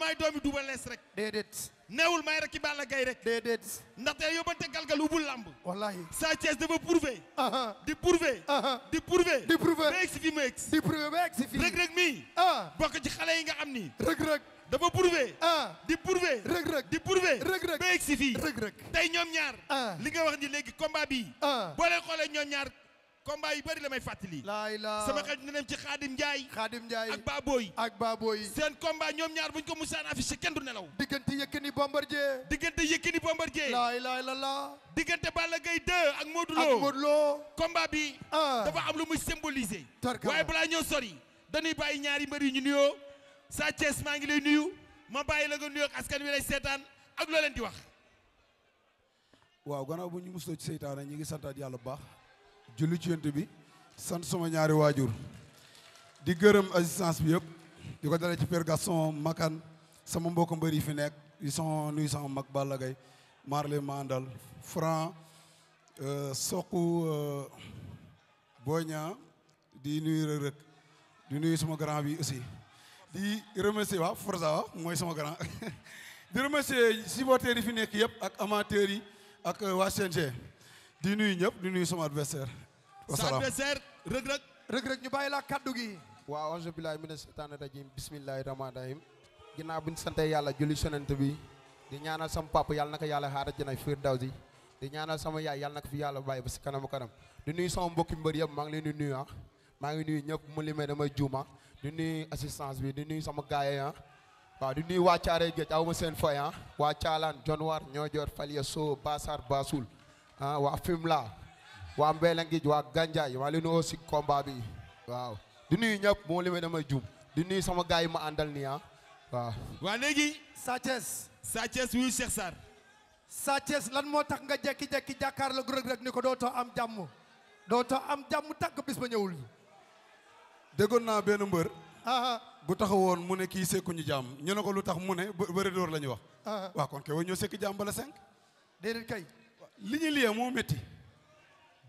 maay doomi Double Less rek déedéet neewul maay rek ki Balla Gaye rek déedéet ndaxte yóbbante galgal ubul làmb wallaahi Sa Thiès dafa prouvé di prouvé di prouvé di prouvé ba egsi fii ma egsi di prouvé ba egsi fii rëg-rëg mii ah. bokk ci xale yi nga xam ni rëg-rëg dafa prouvé ah. di prouvé rëg-rëg di prouvé rëg-rëg ba egsi fii rëg-rëg tey ñoom ñaar ah. li nga wax ni léegi combat bii boo leen xoolee ñoom ñaar combat yu bari la may fàttali. laay laa sama xel dina dem ci Xaadim Ndiaye. Xaadim Ndiaye ak Baboy. ak Baboy. seen combat ñoom ñaar buñ ko musaan affiché kenn du nelaw. diggante Yékini Bombardier. diggante Yékini Bombardier. laay laay la laa. diggante Balla Gaye 2 ak Modou Lo ak Modou Lo. bi. Ah. dafa am lu muy symboliser. waaye balaa ñoo sori. dañuy bàyyi ñaari mbër yi ñu nuyoo. Sa Thiès maa ngi lay nuyu. ma bàyyi la nga nuyoo ak wi lay seetaan ak loo leen di wax. waaw gannaaw bu ñu musloo ci seytaane ñu ngi santaat yàlla bu baax julli ci yent bi sant sama ñaari waajur di gërëm assistance bi yëpp di ko dalee ci Père Gaston Makan sama mbokk mbër yi fi nekk di son nuyu sama mag Balla Gaye Marley Mandal Franc euh, Sokku euh, Boña di nuyu Reug Reug di nuyu suma grand bi aussi di remercier waa Forza waa mooy sama grand di remercier supporters yi fi nekk yëpp ak amateurs yi ak euh, waa CNG di nuyu ñëpp di nuyu sama adversaire. sa adversaire Reug Reug. Reug Reug ñu bàyyi laa kaddu gi. waaw auzu billaahi mina shaytaani rajiim bismillaahi rahmaani rahiim. ginnaaw bi ñu sante yàlla julli sonent bi. di ñaanal sama papa yàlla naka yàlla xaaral jënay firdawsi di ñaanal sama yaay yàlla naka fi yàlla bàyyi ba si kanam kanam di nuyu sama mbokki mbër yëpp maa ngi leen di nuyu ah maa ngi nuyu ñëpp mu limee damay juuma ah. di nuyu assistance bi di nuyu sama gaay ah waaw di nuyu waa caare géej aw seen fay ah waa caalaan jonwaar ñoo joor faliya soo basar basul Ah, waa Fimela waa Mbeelangij waa Ganjaay maa leen woo si kombaa bi waaw di nuyu ñëpp moo limee damay jum di nuyu sama gars yi ma àndal nii ah waaw. waa léegi. Sathiès. Sathiès wuyu Cheikh Sarr. lan moo tax nga jékki-jékki jàkkaarloo Reug Reug ni ko dootoo am jàmm dootoo am jàmm tàgg bis ba ñëwul. déggoon naa benn mbër. Ah, ah. bu woon mu ne kii sekkuñu jàmm ñu ne ko lu tax mu ne bëri door la ñu wax. waaw kon kay wa ñoo sekki jàmm bala cinq. déedéet kay. li ñu liyee moo métti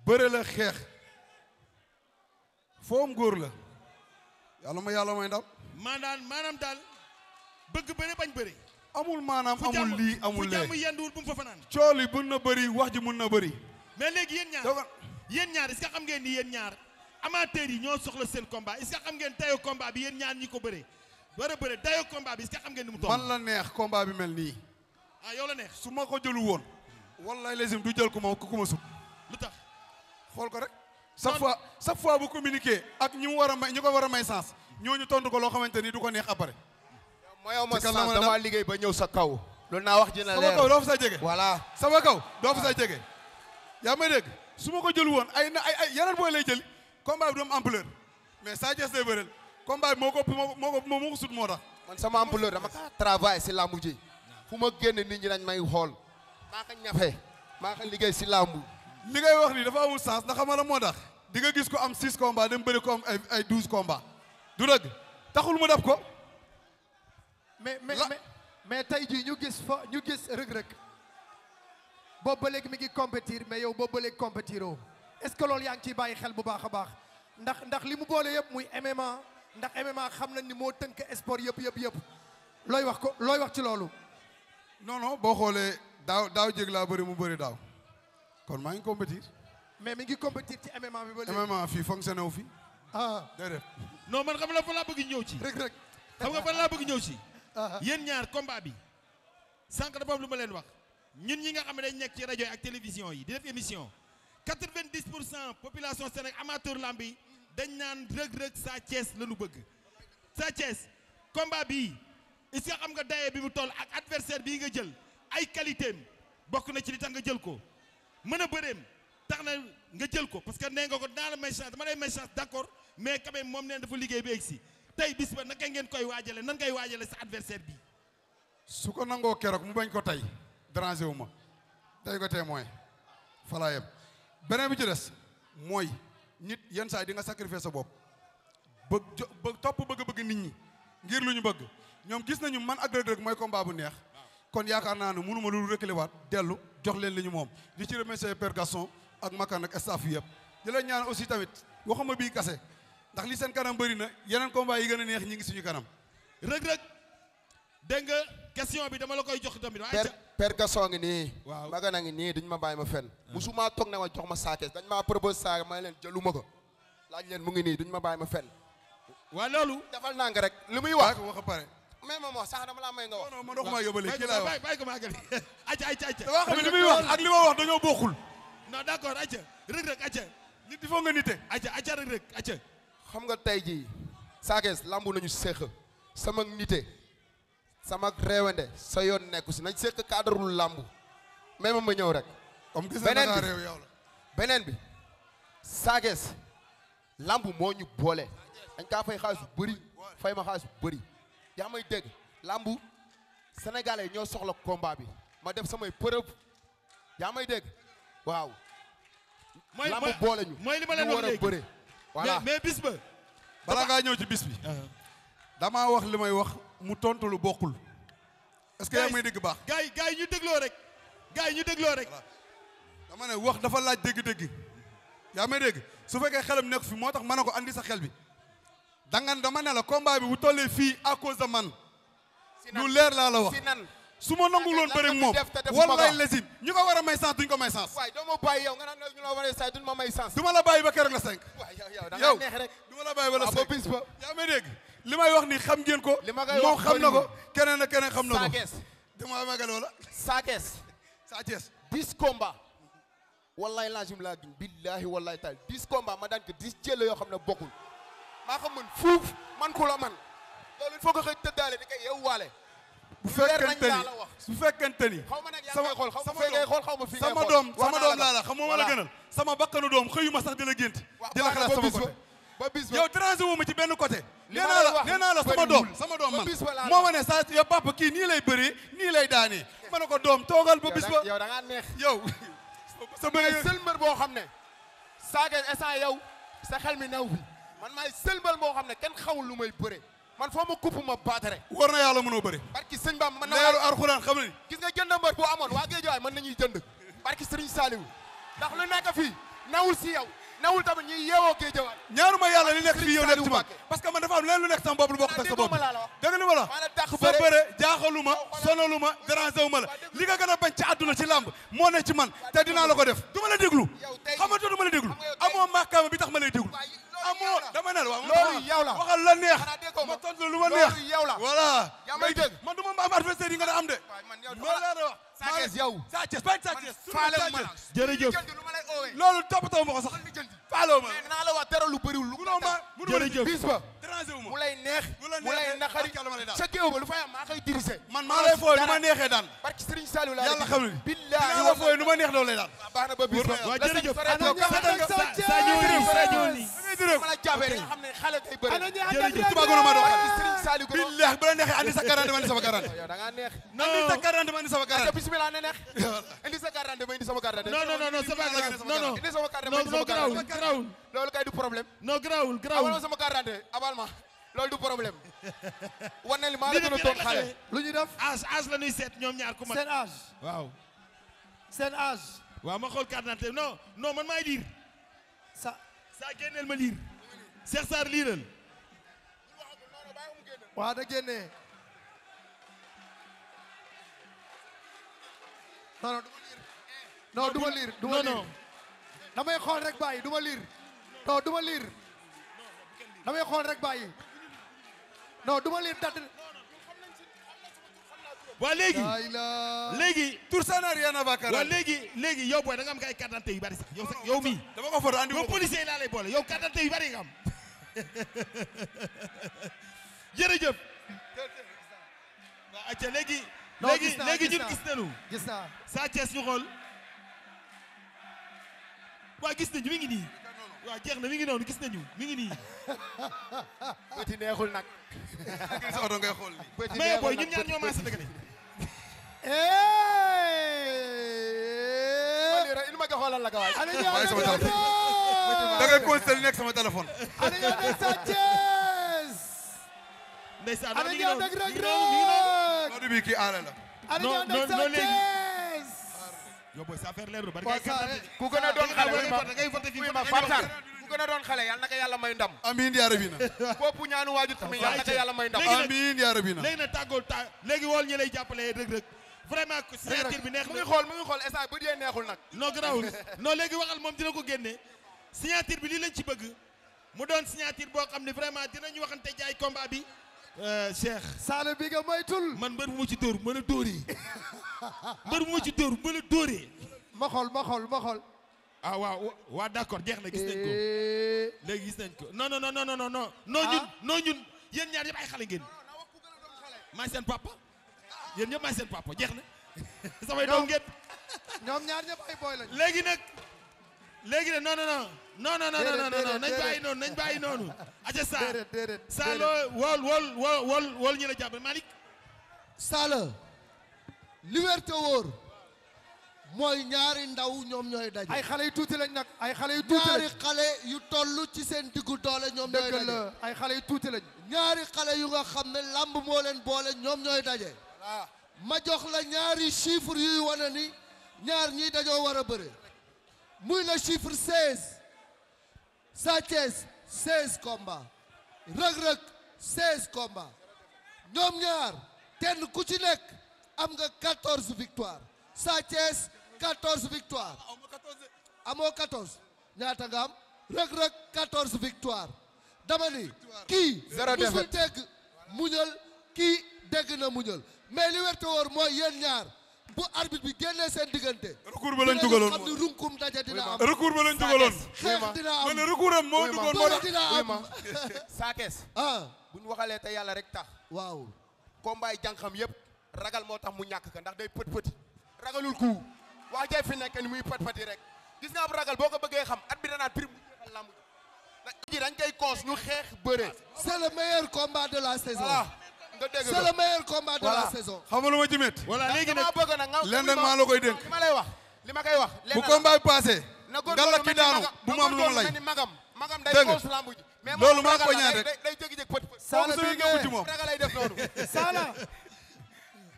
bëre la xeex foom góor la yàlla ma yàlla may ndam maanaam maanaam daal bëgg bëre bañ bëre amul maanaam amul lii amul lee fu jàmm yenduwul bu mu fa yi mën na bëri wax ji mën na bëri mais léegi yéen ñaar yéen ñaar est-ce xam ngeen ni yéen ñaar amateurs yi ñoo soxla seen combat est-ce que xam ngeen dayo combat bi yéen ñaar ñi ko bëree war a bëre dayo combat bi est-ce xam ngeen ni mu toll man la neex combat bi mel nii ah yow la neex su ma ko jëlu woon wallaay lazim du jël ku ma ku ma sut lu tax xool ko rek sa fois sa fois bu communiqué ak ñi mu war a may ñi ko war a may sens ñooñu tontu ko loo xamante ni du ko neex après mayow ma sens damaa liggéey ba ñëw sa kaw loolu naa wax dina leer sama fa sa jege voilà sama kaw doo fa sa jege yaa may dégg su ma ko jël woon ay na ay ay yeneen booy lay jël combat bi du am mais Sa Thiès day bëreel combat bi moo ko moo ko moo ko sut moo tax man sama ampleur dama kaa travail si ma génn nit ñi dañ may xool maa ko ñafe maa ko liggéey si làmb li ngay wax ni dafa amul sens ndax a moo tax di nga gis ko am 6 combats dem bëri ko am ay ay 12 combats du dëgg taxul mu def ko mais mais mais tey jii ñu gis fa ñu gis rëg-rëg boobu ba léegi mi ngi compétir mais yow boobu ba léegi compétir oo est-ce que loolu yaa ngi ciy bàyyi xel bu baax a baax ndax ndax li mu boole yëpp muy MMA ndax MMA xam nañ ni moo tënk sport yëpp yëpp yëpp looy wax ko looy wax ci loolu non boo xoolee daaw daaw jég laa bëri mu bëri daaw kon maa ngi compétir. mais mi ngi compétir ci MMA bi ba léegi. MMA fii fonctionné wu fi. ah déedéet. non man xam la fan laa bëgg ñëw ci. rek rek xam nga fan laa bëgg ñëw ci. Ah. yéen ñaar combat bi sànq dafa am lu ma leen wax ñun ñi nga xam ne dañ nekk ci rajo yi ak télévision yi di def émission quatre-vingt-dix pour cent population Sénégal amateur lamb yi dañ naan Reug Reug Sa Thiès la bëgg Sa Thiès combat bi est-ce que xam nga daye bi mu toll ak adversaire bii nga jël. ay qualité am bokk na ci li tax nga jël ko mën a bëreem tax na nga jël ko parce que nee nga ko daal la may chance dama lay may chance d'accord mais quand même moom nee dafa liggéey bi egg si tey bis ba naka ngeen koy waajale nan ngay waajale sa adversaire bi su ko nangoo keroog mu bañ ko tey dérangé wu ma day ko témoin falaa yem beneen bi ci des mooy nit yenn saa yi di nga sacrifier sa bopp bëgg topp bëgg-bëgg nit ñi ngir lu ñu bëgg ñoom gis nañu man ak Reug Reug mooy combat bu neex kon yaakaar naa ne mënuma lu reculer waat dellu jox leen li ñu moom di ci remercier per Gaston ak Makan ak staff yëpp di leen ñaan aussi tamit waxuma bii kase ndax li seen kanam bëri na yeneen combat yi gën a neex ñi ngi suñu kanam rëg-rëg dégg nga question bi dama la koy jox tamit per Gaston ngi nii waaw Makan a ngi nii duñu ma bàyyi ma fenn ah. musumaa toog ne ma jox ma saakees dañ maa propose saake ma leen jëluma ko laaj leen mu ngi nii duñu ma bàyyi ma fenn waa loolu defal naa nga rek li muy wax wax pare mais moom wax sax dama laa may nga wax. non non man waxuma yóbbale kii laa wax bàyyi ko ma àggali. ayca ayca ayca wax li muy wax ak li ma wax dañoo bokkul. non d'accord ayca Reug Reug ayca. nit il faut nga nite. ayca ayca Reug Reug xam nga tey jii. Sa Thiès lambu nañu seq sama nite sama réewande sa yoon nekku si nañ seq cadrewul lambu mais moom ma ñëw rek. comme gis réew yow la beneen bi Sa Thiès lambu moo ñu boole dañ kaa fay xaalis bëri fay ma xaalis bëri. yaa may dégg làmbu sénégalais ñoo soxla combat bi ma def samay preuve yaa may dégg waaw. mooy làmb boole ñu mooy li ma leen wax léegi war bëre. voilà mais bis ba. balaa ngaa ñëw ci bis bi. Uh-huh. dama wax li may wax mu tontu lu bokkul. est-ce que yaa may dégg baax. gars yi gars yi ñu dégloo rek. gars yi ñu dégloo rek. dama ne wax dafa laaj dégg-dégg. yaa may dégg su fekkee xelam nekk fi moo tax mën na ko andi sa xel bi. danga ma ne la combat bi bu tollee fii a cause de man. leer laa la wax si su ma nangu loon bëri moom wallaay lazim ñu ko war a may sens duñ ko may sens. waay doo ma yow nga naan ñu la war a say duñ ma may sens. du ma la bàyyi ba keroog la cinq. yow da nga ah, bis ba. yaa may dégg li may wax ni xam ngeen ko. li ma koy wax moom xam na ko keneen ak keneen xam na ko. Sakess dama magal wala. Sakess. Sakess. dix combats. wallaay lazim laa gis. billaahi wallaay taal ma daan ko dix jël yoo xam ne bokkul. maa xam mën fuuf man ku la man loolu il faut que xëy tëddaale di koy yow waale bu fekkente ni su fekkente ni xaw ma nag yaa ngi xool xaw ma fii ngay xaw ma fii ngay xool sama doom sama doom la xam moo ma la gënal sama bakkanu doom xëyuma sax di la gént di la xalaat sama côté ba ma ci benn côté nee naa la nee naa la sama doom sama doom man ma ne saa yow papa kii nii lay bëree nii lay daanee ma ne ko doom toogal ba bis ba yow da ngaa neex sa bëri sëlmër boo xam ne saaga instant yow sa xel mi naw bi man maay sëlbal boo xam ne kenn xawul lu may bëre man foo ma kupp ma baatare war na yàlla mënoo bëre barki sëñ Bamba man leeru arxuraan xam ne gis nga jënd mbër bu amoon waa géej waay mën nañuy jënd barki sëriñ tamit ñuy yeewoo géej waay ñaanuma yàlla li nekk fii yow nekk ci man parce que man dafa leen lu nekk sama bopp lu bokk ak sa bopp dégg ma la sa bëre ma la li nga gën a bañ ci àdduna ci làmb moo ne ci man te dinaa la ko def du ma la déglu xamatu du ma la amoo dama ne la waaw loolu yow la waxal la neex ma tontu lu ma neex loolu yow la voilà yaa may dégg man du ma mbaam adversaire yi nga am de ma la wax Sa Thiès yow Sa Thiès bañ Sa Thiès faale ma la jërëjëf loolu toppatoo ma ko sax faale ma la naa la wax dara lu bëriwul lu ko jërëjëf bis ba dérangé wu ma mu lay neex mu lay naqari sa géew ba lu fay am maa koy dirigé man maa lay fooy nu ma neexee daan barki Serigne Saliou laa yàlla xam ne billahi dina la fooy nu ma neex loolu lay daan baax na ba biir waaw jërëjëf billahi bu la neexee andi sa garante ma andi sama garante yow da nga neex andi sa garante ma andi sama garante bismillah na neex indi sa garante ma indi sama garante non non non non non non non non non loolu kay du problème. non garaawul garaawul abal ah, ma sama carte abal ah, ma loolu du problème. wane li maa la gën a doon lu ñuy def seet ñoom ñaar ku ma. seen âge. waaw. seen âge. waaw ma xool carte d'identité man maay liir. sa sa génneel ma liir. Cheikh Sarr liiral. waa da génnee. du ma liir. non du du ma non du ma liir damay xool rek bàyyi non du ma liir date. waa léegi léegi. tur ça n'a rien à voir waa léegi léegi yow booy da nga am ay carte d'identité bari sax yow sax yow policier laa lay boole yow carte d'identité bari nga am jërëjëf. acca léegi. non gis Sa Thiès ñu xool. waa gis nañu mi ngi nii. waaw jeex na mi ngi noonu gis nañu mi ngi nii. bëti neexul nag. sa oto ngay xool nii. bëti neexul booy ñun ñaar ñoo maase dëgg il ma xoolal la ka waay. da ngay constaté li nekk sama téléphone. Aliou Ndiaye nekk Sanchez. ndeysaan Aliou Ndiaye nekk Reug Reug. non non yow booy sa affaire leerul bari ku gën a doon xale ngay voté fii ma ku gën a doon xale yàlla naka yàlla may ndam amiin yaa rabbi na boppu ñaanu waaju tamit yàlla naka yàlla may ndam amiin yaa rabbi na léegi na tàggool ta léegi wool ñi lay jàppale Reug Reug vraiment signature bi neex mu ngi xool mu ngi xool esa neexul nag non garaawul non léegi waxal moom dina ko génne signature bi lii lañ ci bëgg mu doon signature boo xam ne vraiment dinañu waxante jaay combat bi euh, Cheikh Sall bi nga moytul man mbër bu ci dóor mën a dóor yi mbër bu ma ci dóor bu la dóoree. ma xool ma xol ma xool. ah waaw waaw d'accord jeex na gis nañ ko. Eh. léegi gis nañ ko non non non non non non. non ñun ah. non ñaar ay xale ngeen. maay ñëpp maay seen jeex na. samay ñaar ay booy lañu. léegi nag léegi nag non non non. non non non non non nañ bàyyi noonu nañ bàyyi noonu. aca saa saa la jàppale Malick. Saalum. liberté wóor mooy ñaari ndaw ñoom ñooy daje. ay xale yu tuuti lañ nag ay xale ñaari xale yu toll ci seen diggu doole ñoom ñooy daje ay xale yu tuuti lañ. ñaari xale yu nga xam ne làmb moo leen boole ñoom ñooy daje. ma jox la ñaari chiffre yuy wane ni ñaar ñii dañoo war a bëre. muy le chiffre 16. Sa Thiès 16 combats. Reug Reug 16 ñoom ñaar kenn ku ci nekk. am nga 14 victoire Sa Thiès 14 victoire ah, amoo 14 ñaata nga am Reug Reug 14 victoire dama ni kii musul dégg muñal kii dégg na muñal mais li werte woor mooy yéen ñaar bu arbitre bi génnee seen diggante. recours ba lañ dugaloon moom xam ni runkum moo dugal moo dina am. Sa Thiès. Ah. bu ñu waxalee te yàlla rek tax. waaw. combat yi jànqam yëpp. ragal moo tax mu ñàkk ka ndax day pët pëti ragalul ku wax jee fi nekk ni muy pët pëti rek gis nga am ragal boo ko bëggee xam at bi danaan prix mu jeexal lamb ji dañ koy cons ñu xeex bëre. c'est le meilleur combat de la saison. nga dégg c'est le meilleur combat de la saison. xam nga lu ma ci métti. voilà léegi nag bëgg na nga ma lay wax ma koy wax. bu combat bi passé. na góorgóorlu daanu bu mu am lu mu lay. magam magam day cons lamb ji. loolu maa ko ñaan rek mais moom ragal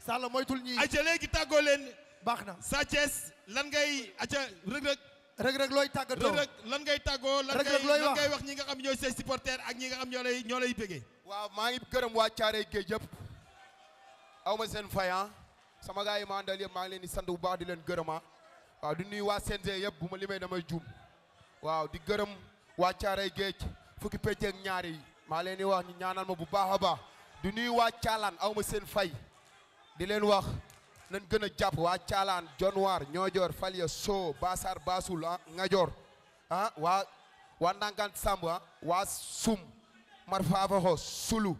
Salla moytul ñii. ayca léegi tàggoo leen. baax na Sa Thiès lan ngay ayca Reug Reug. Reug Reug looy tàggatoo Reug Reug lan ngay tàggoo. lan ngay lan ngay wax ñi nga xam ñooy say supporters ak ñi nga xam ñoo lay ñoo lay bëggee. waaw maa ngi gërëm waa Thiaroye Géej yëpp aw ma seen fayan ah. sama gars yi ma àndal yëpp maa ngi leen di sant bu baax di leen gërëma ah. waaw di nuyu waa CNG yëpp bu ma limee damay juum waaw di gërëm waa Thiaroye Géej fukki pecc ak ñaar yi maa leen di wax ñu ñaanal ma bu baax a baax di nuyu waa Thialane aw ma seen fay di leen wax nañ gën a jàpp waa Caalaan Jonwaar Ñoojoor Falya Soo Basar Basul ah Ngajoor ah waa waa Ndangaan Samb ah mar Sum Marfaafaxo Sulu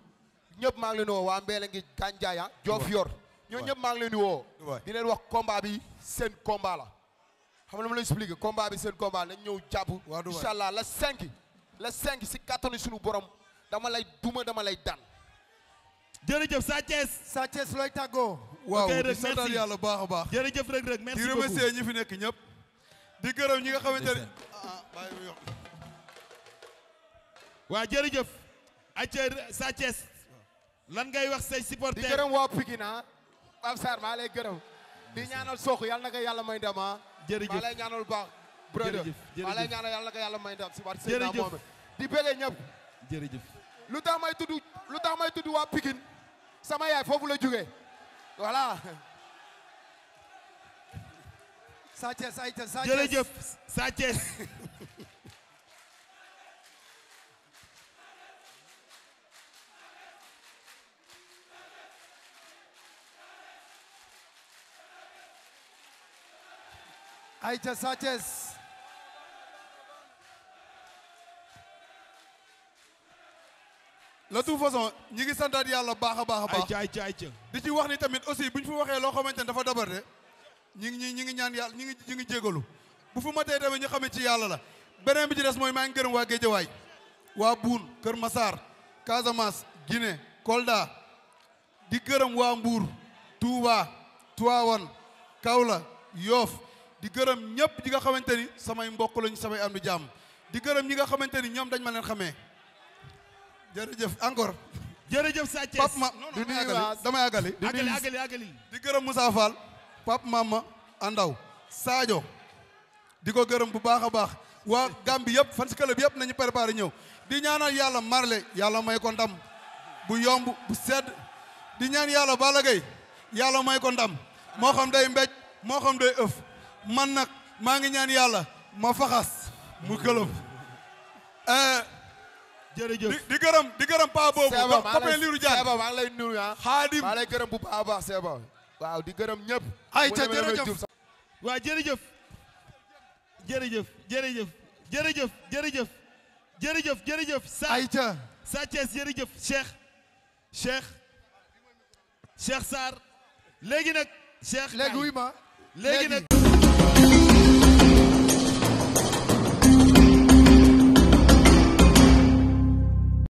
ñëpp maa ngi leen woo waa Mbeele ngi Gànjaay ah Joof Yor ñoo ñëpp maa ngi leen di woo ah, di leen wax combat bi seen combat la xam nga ma la expliqué combat bi seen combat nañ ñëw jàpp incha allah la cinq la cinq si kattanu suñu borom dama lay duma dama lay daan jërëjëf Sa Thiès. Sa Thiès looy tàggoo. waaw di santal yàlla baax a baax. jërëjëf Reug Reug merci beaucoup di remercier ñi fi nekk ñëpp. di gërëm ñi nga xamante ne ah, ah jërëjëf. ayca Sa lan ngay wax say supporters. di gërëm waa Pikine ah. Pape Sarr maa lay gërëm. di ñaanal Sokh yàlla na ko yàlla may ndam ah. jërëjëf maa lay maa di bëggee ñëpp. lu tax may tudd lu tax may tudd waa Pikine sama yaay foofu la jóge voilà. Sa Thiès ay ca Sa Thiès jërëjëf Sa ay ca Sa de toute façon ñi ngi santaat yàlla baax a baax a baax ay ca ay ca di ci wax ni tamit aussi bu ñu fi waxee loo xamante ne dafa dabar de ñi ngi ñi ngi ñaan yàlla ñi ngi ñi ngi jégalu bu fu matee tamit ñu xamee ci yàlla la beneen bi ci des mooy maa ngi gërëm waa Géejawaay waa Buun Kër masaar Casamance Guinée Kolda di gërëm waa Mbuur Touba Tivaouane Kaolack Yoff di gërëm ñëpp ñi nga xamante ni samay mbokk lañ samay am di jàmm di gërëm ñi nga xamante ni ñoom dañ ma leen xamee jërëjëf encore. jërëjëf Sa Thiès Pape Ma du nuyu damay àggali di àggali àggali di gërëm Moussa Fall Pape Mama Andaw Sadio di ko gërëm bu baax a baax waa Gambie yëpp fan si club yëpp nañu préparé ñëw di ñaana yàlla Marley yàlla may ko ndam bu yomb bu sedd di ñaan yàlla Balla Gaye yàlla may ko ndam moo xam day mbéj moo xam day ëf man nag maa ngi ñaan yàlla ma faxas mu këlëb jërëjëf di gërëm di gërëm paa boobu. Seba maa ngi lay nuyu ah. maa lay gërëm bu baax a waaw di gërëm ñëpp. ay ca jërëjëf waaw jërëjëf. jërëjëf jërëjëf jërëjëf jërëjëf jërëjëf jërëjëf. ay ca Sa Thiès jërëjëf Cheikh. Cheikh. Cheikh Sarr léegi nag. Cheikh léegi wuy ma léegi nag.